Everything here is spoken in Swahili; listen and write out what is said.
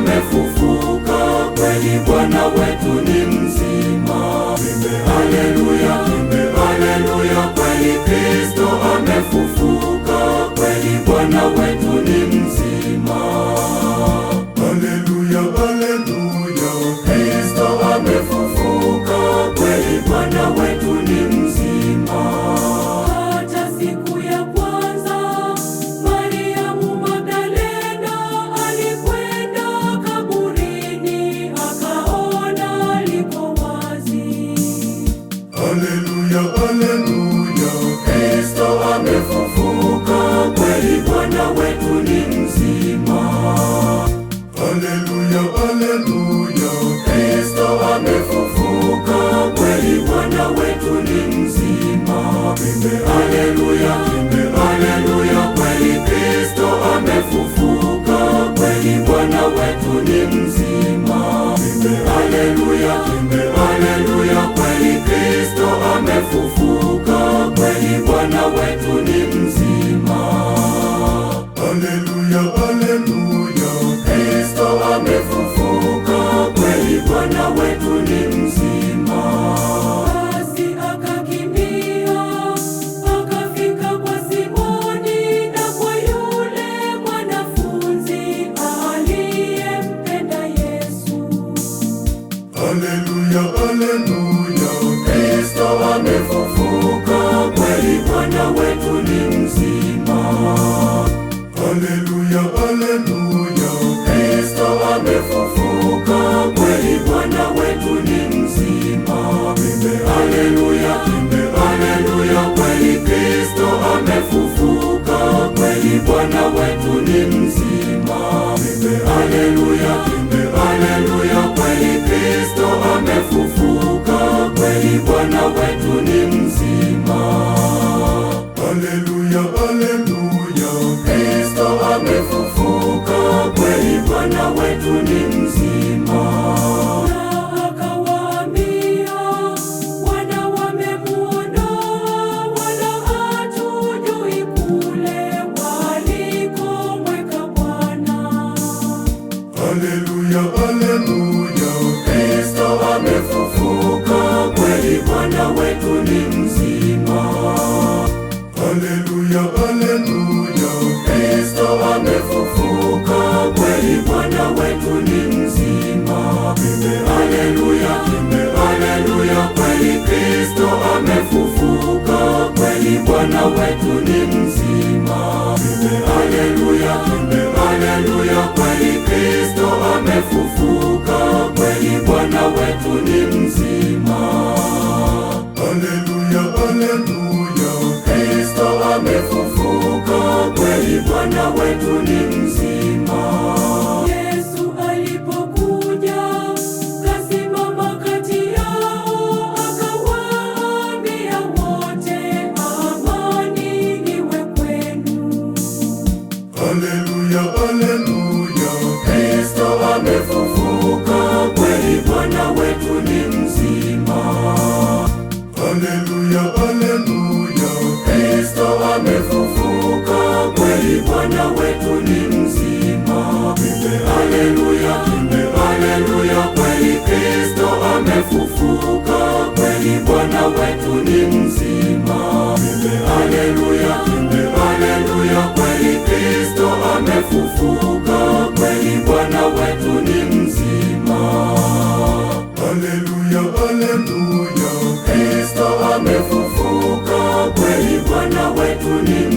amefufuka kweli Bwana amefufuka kweli, Bwana wetu ni mzima. Haleluya, haleluya, Kristo amefufuka kweli, Bwana wetu ni mzima. Basi akakimbia akafika kwa Simoni na kwa yule mwanafunzi aliyempenda Yesu. Haleluya, haleluya, Kristo amefufuka Haleluya, haleluya. Kristo amefufuka, kweli Bwana wetu ni mzima. Kimbe haleluya, kimbe haleluya, kweli Kristo amefufuka, kweli Bwana wetu ni mzima. amefufuka kweli, Bwana wetu ni mzima. Haleluya, haleluya, kweli Kristo amefufuka kweli, Bwana wetu amefufuka kweli, Bwana wetu ni mzima. haleluya, haleluya, kweli Kristo amefufuka kweli, Bwana wetu ni mzima. haleluya, haleluya, kweli Kristo amefufuka You.